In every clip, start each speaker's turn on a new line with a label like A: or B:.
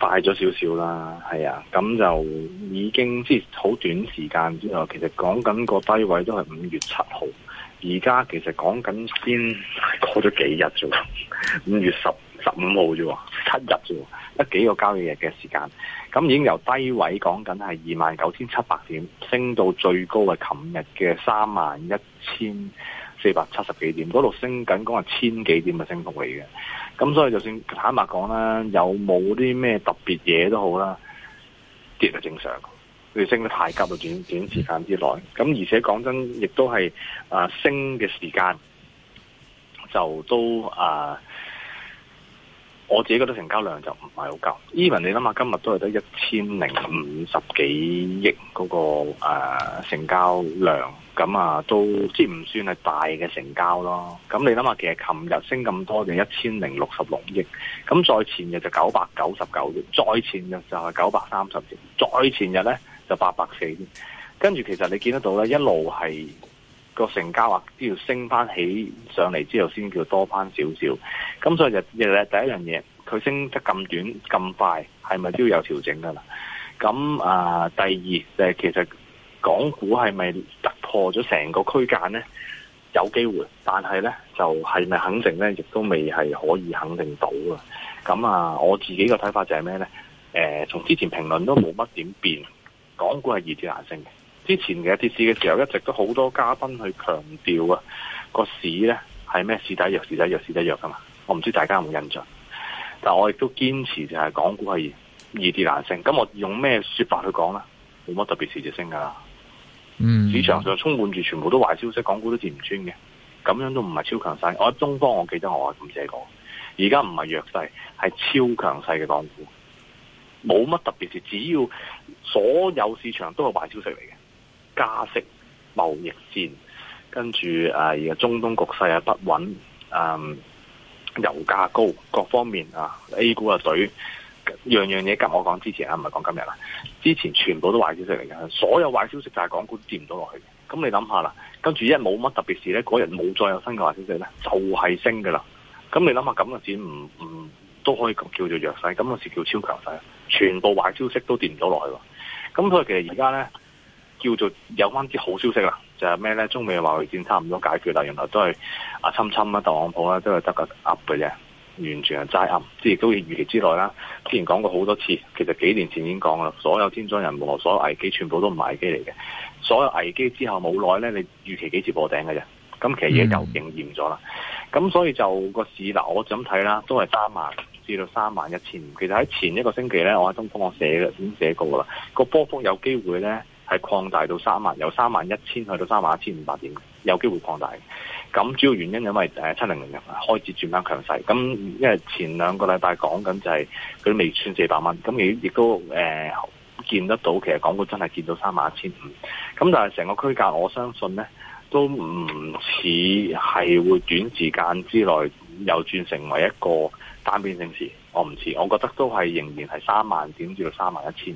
A: 快咗少少啦，係啊，咁就已經即係好短時間之後，其實講緊個低位都係五月七號，而家其實講緊先過咗幾日啫喎，五月十十五號啫喎，七日啫喎，得幾個交易日嘅時間，咁已經由低位講緊係二萬九千七百點，升到最高係琴日嘅三萬一千四百七十幾點，嗰度升緊講係千幾點嘅升幅嚟嘅。咁所以就算坦白講啦，有冇啲咩特別嘢都好啦，跌係正常。佢升得太急，短短時間之內，咁而且講真，亦都係啊升嘅時間就都啊。我自己覺得成交量就唔係好夠，even 你諗下今日都係得一千零五十幾億嗰個、呃、成交量，咁啊都即係唔算係大嘅成交咯。咁你諗下，其實琴日升咁多嘅一千零六十六億，咁、就是、再前日就九百九十九億，再前日就係九百三十億，再前日咧就八百四億，跟住其實你見得到咧，一路係。個成交額，都要升翻起上嚟之後，先叫多翻少少。咁所以日日咧，第一樣嘢，佢升得咁短咁快，係咪都要有調整噶啦？咁啊，第二就係其實港股係咪突破咗成個區間咧？有機會，但係咧就係、是、咪肯定咧，亦都未係可以肯定到噶。咁啊，我自己嘅睇法就係咩咧？誒、呃，從之前評論都冇乜點變，港股係易跌難升嘅。之前嘅跌市嘅時候，一直都好多嘉賓去強調啊，個市咧係咩市底弱市底弱市底弱噶嘛。我唔知大家有冇印象，但我亦都堅持就係港股係易，易跌難升。咁我用咩說法去講咧？冇乜特別事就升噶啦。嗯，市場上充滿住全部都壞消息，港股都跌唔穿嘅，咁樣都唔係超強勢。我喺東方，我記得我係咁寫過。而家唔係弱勢，係超強勢嘅港股，冇乜特別事。只要所有市場都係壞消息嚟嘅。加息、貿易戰，跟住誒而家中東局勢啊不穩，嗯，油價高，各方面啊，A 股啊水。樣樣嘢，我講之前啊唔係講今日啦，之前全部都壞消息嚟嘅，所有壞消息就係港股跌唔到落去。咁你諗下啦，跟住一冇乜特別事咧，嗰日冇再有新嘅壞消息咧，就係、是、升㗎啦。咁你諗下咁嘅市唔唔都可以叫做弱勢，咁個市叫超強勢，全部壞消息都跌唔到落去。咁所以其實而家咧。叫做有翻啲好消息啦，就係咩咧？中美嘅貿易戰差唔多解決啦，原來都係啊，侵侵啊，特朗普咧都係得個噏嘅啫，完全係齋噏，即係都預期之內啦。之前講過好多次，其實幾年前已經講啦，所有天災人禍，所有危機，全部都唔係危機嚟嘅。所有危機之後冇耐咧，你預期幾次破頂嘅啫？咁其實嘢又應驗咗啦。咁、嗯、所以就個市嗱，我咁睇啦，都係三萬至到三萬一千。其實喺前一個星期咧，我喺東方我寫嘅已經寫過噶啦，個波幅有機會咧。係擴大到三萬，由三萬一千去到三萬一千五百點，有機會擴大。咁主要原因因為誒七零零日開始轉翻強勢，咁因為前兩個禮拜講緊就係佢未穿四百蚊，咁亦亦都誒、呃、見得到，其實港股真係見到三萬一千五。咁但係成個區間，我相信呢都唔似係會短時間之內又轉成為一個單邊形式。我唔似，我覺得都係仍然係三萬點至到三萬一千。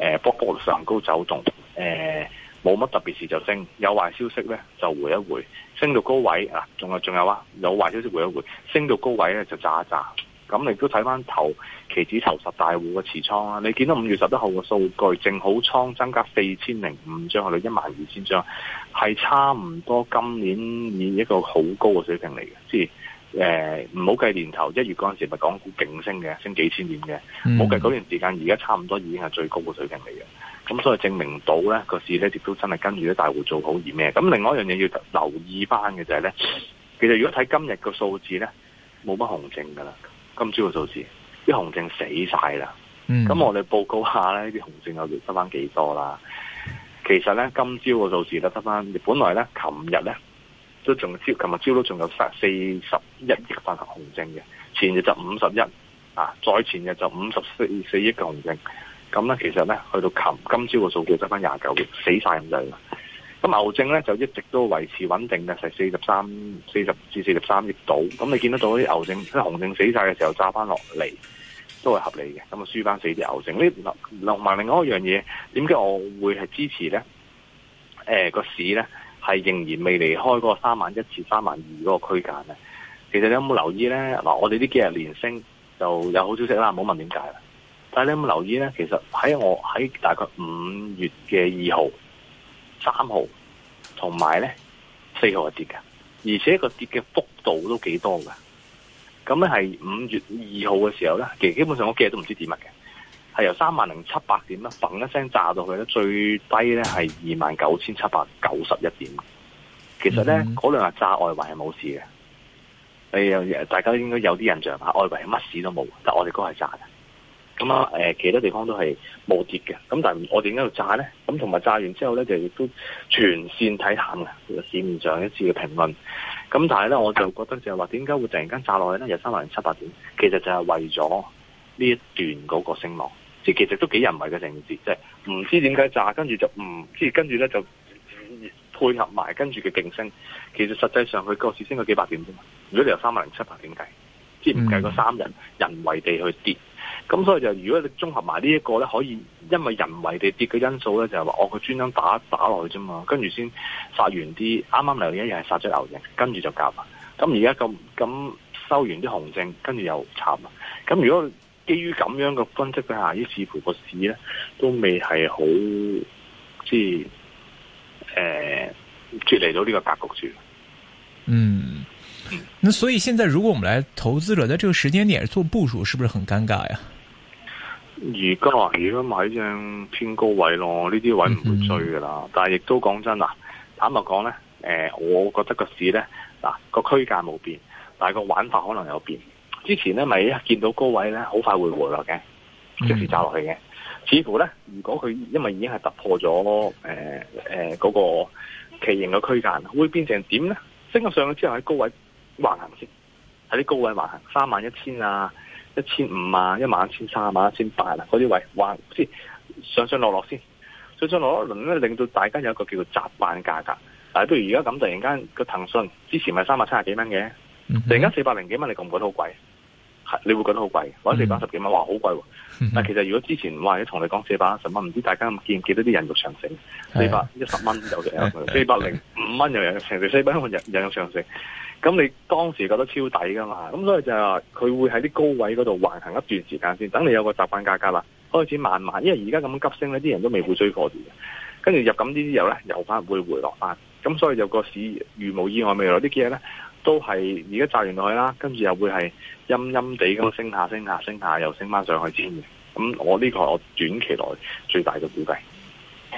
A: 誒波波上高走動，誒冇乜特別事就升，有壞消息咧就回一回，升到高位啊，仲有仲有啊，有壞消息回一回，升到高位咧就炸一炸。咁你都睇翻頭期指頭十大戶嘅持倉啦，你見到五月十一號嘅數據，淨好倉增加四千零五張，去到一萬二千張，係差唔多今年以一個好高嘅水平嚟嘅，即係。誒，唔好計年頭，一月嗰陣時咪港股勁升嘅，升幾千點嘅。唔好計嗰段時間，而家差唔多已經係最高嘅水平嚟嘅。咁所以證明到咧，個市咧亦都真係跟住啲大戶做好而咩。咁另外一樣嘢要留意翻嘅就係咧，其實如果睇今日個數字咧，冇乜紅證噶啦。今朝嘅數字，啲紅證死晒啦。咁、嗯、我哋報告下咧，啲紅證又得翻幾多啦？其實咧，今朝嘅數字咧，得翻。本來咧，琴日咧。都仲朝琴日朝都仲有三四十一億份紅證嘅，前日就五十一，啊再前日就五十四四億嘅紅證，咁咧其實咧去到琴今朝嘅數據得翻廿九億，死晒咁滯，咁牛證咧就一直都維持穩定嘅，係四十三、四十至四十三億度，咁你見得到啲牛證，啲紅證死晒嘅時候炸翻落嚟，都係合理嘅，咁啊輸翻四啲牛證，呢落落埋另外一樣嘢，點解我會係支持咧？誒、呃那個市咧？係仍然未離開嗰個三萬一至三萬二嗰個區間咧。其實你有冇留意咧？嗱，我哋呢幾日連升就有好消息啦。唔好問點解啦，但係你有冇留意咧？其實喺我喺大概五月嘅二號、三號同埋咧四號係跌嘅，而且個跌嘅幅度都幾多噶。咁咧係五月二號嘅時候咧，其實基本上我幾日都唔知點乜嘅。由三萬零七百點咧，砰一聲炸到去咧，最低咧係二萬九千七百九十一點。其實咧，嗰兩日炸外圍係冇事嘅。誒，大家應該有啲印象吓，外圍係乜事都冇，但係我哋嗰係炸嘅。咁啊，誒、呃，其他地方都係冇跌嘅。咁但係我哋點解要炸咧？咁同埋炸完之後咧，就亦都全綫睇淡啦，市面上一次嘅評論。咁但係咧，我就覺得就係話，點解會突然間炸落去咧？由三萬零七百點，其實就係為咗呢一段嗰個升浪。即係其實都幾人為嘅成件事，即係唔知點解炸，跟住就唔即係跟住咧就配合埋，跟住嘅勁升。其實實際上佢個市升咗幾百點啫嘛。如果你由三萬零七百點計，即係唔計嗰三人，人為地去跌，咁所以就如果你綜合埋呢一個咧，可以因為人為地跌嘅因素咧，就係話我個專登打打落去啫嘛，跟住先殺完啲，啱啱嚟嘅一樣係殺咗牛證。跟住就夾啦。咁而家咁咁收完啲紅證，跟住又慘啦。咁如果？基於咁樣嘅分析底下，於是乎個市咧都未係好，即係誒，脱、呃、離到呢個格局住。嗯，嗯。
B: 那所以現在，如果我們來投資者在這個時間點做部署，是不是很尷尬呀、
A: 啊？而家如果買張偏高位咯，呢啲位唔會追㗎喇。嗯嗯，但係亦都講真啦，坦白講呢誒、呃，我覺得個市呢嗱，個區間冇變，但係個玩法可能有變。之前咧咪一見到高位咧，好快會回落嘅，
B: 即時炸落
A: 去嘅。似乎咧，如果佢因為已經係突破咗誒嗰個旗形嘅區間，會變成點咧？升咗上去之後喺高位橫行先，喺啲高位橫行三萬一千啊，一千五啊，一萬一千三、啊，一萬一千八啦、啊，嗰啲位橫先上上落落先，上上落落一輪咧，令到大家有一個叫做習慣價格。但、啊、係不如而家咁，突然間個騰訊之前咪三百七十幾蚊嘅。突然間四百零幾蚊，你覺唔覺得好貴？係，你會覺得好貴。或者四百十幾蚊，話好貴。但其實如果之前，哇！同你講四百一十蚊，唔知大家見唔見得見唔見到啲人肉上升？四百一十蚊有嘅，四百零五蚊又有，成四百蚊有、啊啊、10，又有上升。咁你當時覺得超抵㗎嘛？咁所以就話佢會喺啲高位嗰度橫行一段時間先，等你有個習慣價格啦，開始慢慢，因為而家咁急升呢啲人都未會追貨住嘅。跟住入咁呢啲油咧，油翻會回落翻。咁所以有個市，如無意外未來啲嘢咧。都係而家扎完落去啦，跟住又會係陰陰地咁升下升下升下，又升翻上去先嘅。咁我呢個係我短期內最大嘅估計。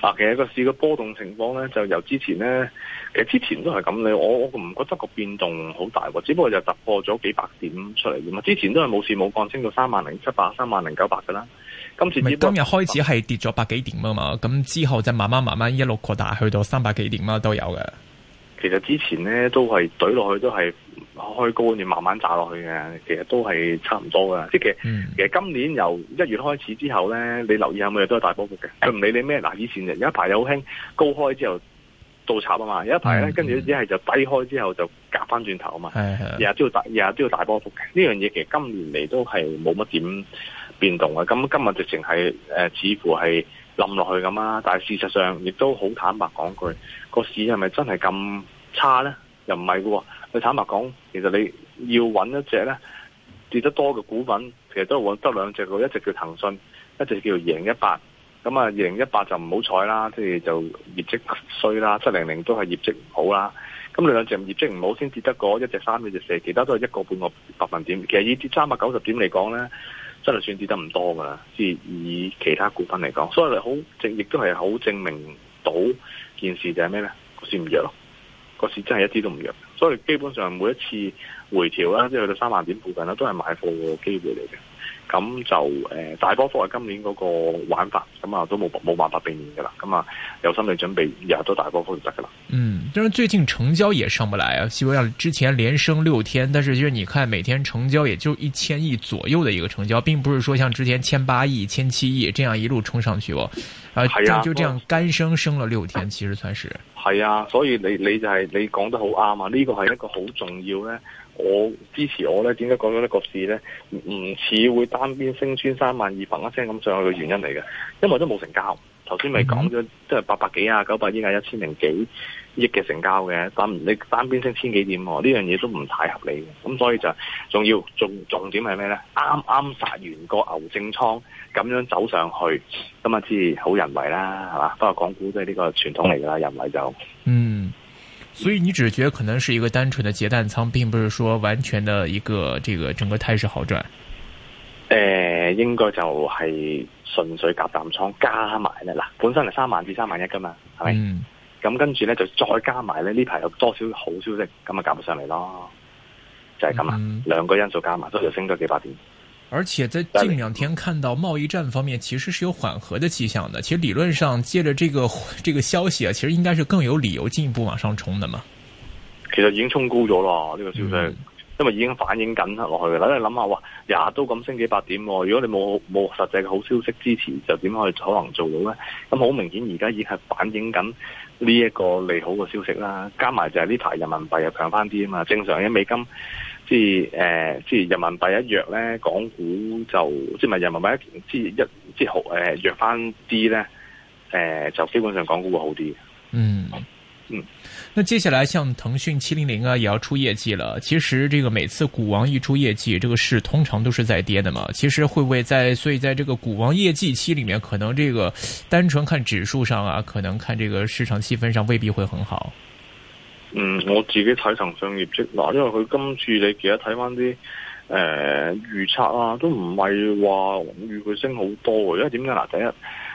A: 啊，其實個市嘅波動情況咧，就由之前咧，其實之前都係咁，你我我唔覺得個變動好大喎，只不過就突破咗幾百點出嚟嘅嘛。之前都係冇事冇降，升到三萬零七百、三萬零九百嘅啦。今次今日
B: 開始係跌咗百幾點啊嘛，咁之後就慢慢慢慢一路擴大，去到三百幾點啦都有
A: 嘅。其實之前咧都係懟落去都係開高，你慢慢炸落去嘅，其實都係差唔多嘅。即係、嗯、其實今年由一月開始之後咧，你留意下每日都係大波幅嘅。佢唔理你咩嗱，以前有一排又好興高開之後倒插啊嘛，有一排咧、嗯、跟住一係就低開之後就夾翻轉頭啊嘛，日日、嗯、都要大日都要大波幅嘅。呢樣嘢其實今年嚟都係冇乜點變動啊。咁今日直情係誒，似乎係。冧落去咁啊！但係事實上亦都好坦白講句，個市係咪真係咁差呢？又唔係嘅喎。你坦白講，其實你要揾一隻呢跌得多嘅股份，其實都揾得兩隻嘅，一隻叫騰訊，一隻叫二零一八。咁啊，二零一八就唔好彩啦，即係就業績衰啦。七零零都係業績唔好啦。咁你兩隻業績唔好先跌得過一隻三，一隻四，其他都係一個半個百分點。其實以啲三百九十點嚟講呢。真係算跌得唔多㗎啦，即係以其他股份嚟講，所以你好正亦都係好證明到件事就係咩咧？個市唔弱咯，個市真係一啲都唔弱，所以基本上每一次回調啦，即係去到三萬點附近啦，都係買貨嘅機會嚟嘅。咁就誒、呃、大波幅係今年嗰個玩法，咁啊都冇冇辦法避免噶啦，咁啊有心理準備，日日都大波幅就得噶啦。嗯，
B: 但係最近成交也上唔來啊，雖然之前連升六天，但是其實你看每天成交也就一千億左右的一個成交，並不是說像之前千八億、千七億這樣一路衝上去喎、啊，啊，啊，就，就這樣乾升升了六天，其實算是。
A: 係啊，所以你你就係、你講得好啱啊，呢、呢個係一個好重要咧。我支持我咧，點解講咗呢個市咧，唔似會單邊升穿三萬二，砰一聲咁上去嘅原因嚟嘅，因為都冇成交。頭先咪講咗，即係八百幾啊、九百幾呀、一千零幾億嘅成交嘅，但唔你單邊升千幾點，呢樣嘢都唔太合理嘅。咁所以就仲要重重點係咩咧？啱啱殺完個牛證倉，咁樣走上去，咁啊知好人為啦，係嘛？不過講古即係呢個傳統嚟㗎啦，人為就
B: 嗯。所以你只覺得可能是一個單純的結淡倉，並不是說完全的一個這個整個態勢好轉。
A: 誒、呃，應該就係純粹夾淡倉加埋咧，嗱，本身係三萬至三萬一噶嘛，係咪？咁跟住咧就再加埋咧，呢排有多少好消息？咁啊，夾上嚟咯，就係咁啦，嗯、兩個因素加埋，都就升咗幾百點。
B: 而且在近兩天看到貿易戰方面其實是有緩和的跡象的，其實理論上借着這個這個消息啊，其實應該是更有理由進一步往上衝的嘛。
A: 其實已經衝高咗咯，呢個消息，嗯、因為已經反映緊落去嘅。你諗下，哇，日日都咁升幾百點了，如果你冇冇實際嘅好消息支持，就點可以可能做到咧？咁好明顯而家已係反映緊呢一個利好嘅消息啦，加埋就係呢排人民幣又強翻啲啊嘛，正常嘅美金。即係誒，即係人民幣一弱咧，港股就即係咪人民幣一即係一即係好誒弱翻啲咧？誒，就基本上港股會好啲。嗯，嗯。
B: 那接下來，像騰訊七零零啊，也要出業績喇。其實，這個每次股王一出業績，這個市通常都是在跌的嘛。其實，會不會在所以，在這個股王業績期裏面，可能這個單純看指數上啊，可能看這個市場氣氛上未必會很好。
A: 嗯，我自己睇騰訊業績嗱，因為佢今次你記得睇翻啲誒預測啊，都唔係話預佢升好多，因為點解嗱？第一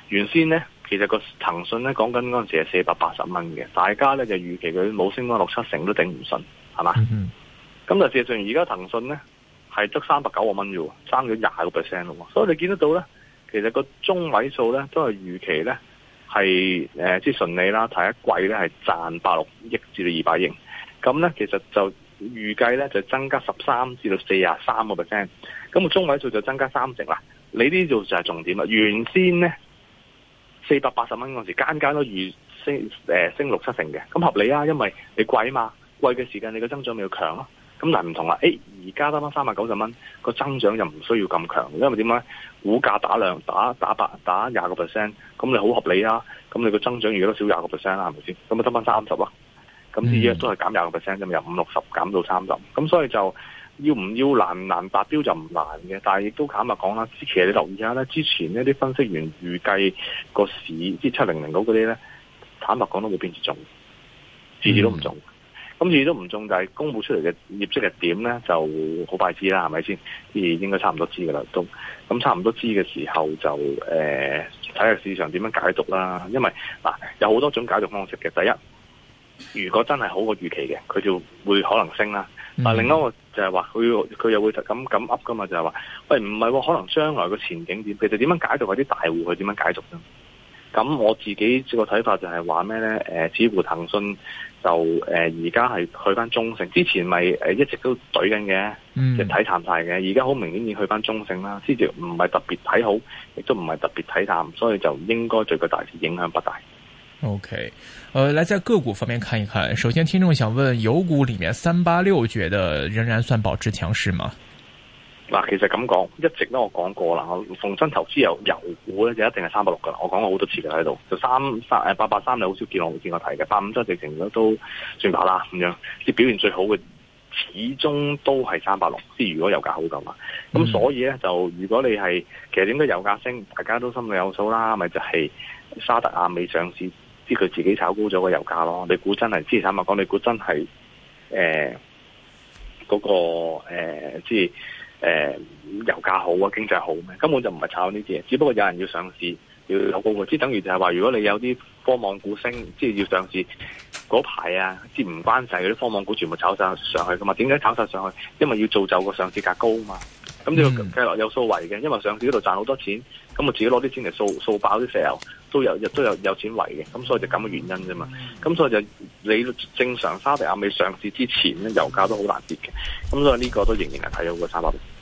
A: 原先咧，其實個騰訊咧講緊嗰陣時係四百八十蚊嘅，大家咧就預期佢冇升翻六七成都頂唔順，係嘛？嗯，咁但係事實上而家騰訊咧係得三百九個蚊啫，爭咗廿個 percent 咯，所以你見得到咧，其實個中位數咧都係預期咧。係誒、呃，之順利啦，第一季咧係賺百六億至到二百億，咁咧其實就預計咧就增加十三至到四十三個 percent，咁個中位數就增加三成啦。你呢度就係重點啦，原先咧四百八十蚊嗰時，間間都預升誒、呃、升六七成嘅，咁合理啊，因為你貴啊嘛，貴嘅時間你個增長咪要強咯、啊。咁嗱唔同啦，欸而家得返三百九十蚊，個、欸、增長又唔需要咁強，因為點解？股價打量打打百打廿個 percent，咁你好合理啊！咁你個增長如果都少廿個 percent 啦，係咪先？咁咪得返三十咯，咁呢一都係減廿個 percent 啫嘛，由五六十減到三十，咁、hmm. 所以就要唔要難唔難達標就唔難嘅，但係亦都坦白講啦，其實你留意下咧，之前呢啲分析員預計個市即係七零零嗰啲咧，坦白講都冇變住中，次次都唔中。Mm hmm. 今次都唔中，但係公布出嚟嘅業績嘅點咧，就好快知啦，係咪先？而應該差唔多知噶啦，都咁差唔多知嘅時候就誒睇下市場點樣解讀啦。因為嗱、啊、有好多種解讀方式嘅，第一如果真係好過預期嘅，佢就會可能升啦。但、嗯、另一個就係話佢佢又會咁咁噏噶嘛，就係、是、話喂唔係喎，可能將來個前景點？其實點樣解讀啲大戶去點樣解讀先？咁我自己個睇法就係話咩咧？誒、呃，似乎騰訊就誒而家係去翻中性，之前咪誒一直都懟緊嘅，即係睇淡晒嘅。而家好明顯要去翻中性啦，先至唔係特別睇好，亦都唔係特別睇淡，所以就應該對個大市影響不大。
B: OK，誒、呃，來在個股方面看一看。首先，聽眾想問，油股裏面三八六覺得仍然算保持強勢嗎？
A: 嗱，其實咁講，一直咧我講過啦，逢親投資有油，油股咧就一定係三百六噶啦。我講過好多次嘅喺度，就三三誒八八三你好少見，我冇見我提嘅，八五七直情都算跑啦咁樣。啲表現最好嘅始終都係三百六，即係如果油價好嘅話，咁所以咧就如果你係其實點解油價升，大家都心裏有數啦，咪就係、是、沙特阿美上市，即係佢自己炒高咗個油價咯。你估真係之前坦白講，你估真係誒嗰個即係。呃誒、呃，油價好啊，經濟好咩？根本就唔係炒呢啲嘢，只不過有人要上市，要有個即等於就係話，如果你有啲科網股升，即係要上市嗰排啊，即唔關晒嘅啲科網股全部炒晒上去噶嘛？點解炒晒上去？因為要造就個上市價高啊嘛。咁你要計落有數為嘅，因為上市嗰度賺好多錢，咁我自己攞啲錢嚟掃掃爆啲石油，都有都有有錢為嘅，咁所以就咁嘅原因啫嘛。咁所以就是、你正常沙特阿美上市之前咧，油價都好難跌嘅。咁所以呢個都仍然係睇到個三百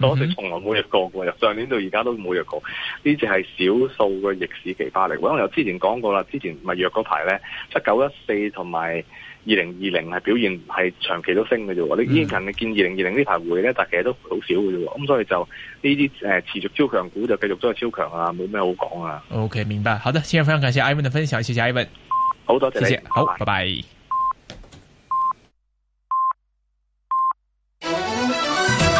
A: 我哋、嗯、從來冇弱過，由上年到而家都冇弱過，呢隻係少數嘅逆市奇葩嚟。我由之前講過啦，之前咪係弱嗰排咧，七九一四同埋二零二零係表現係長期都升嘅啫。嗯、你哋依近見二零二零呢排回咧，但係其實都好少嘅啫。咁所以就呢啲誒持續超強股就繼續都係超強啊，冇咩好講啊。
B: OK，明白。好的，先萬非常感謝艾文嘅分享，謝謝艾文。
A: 好多謝，謝謝，好，拜拜。拜拜。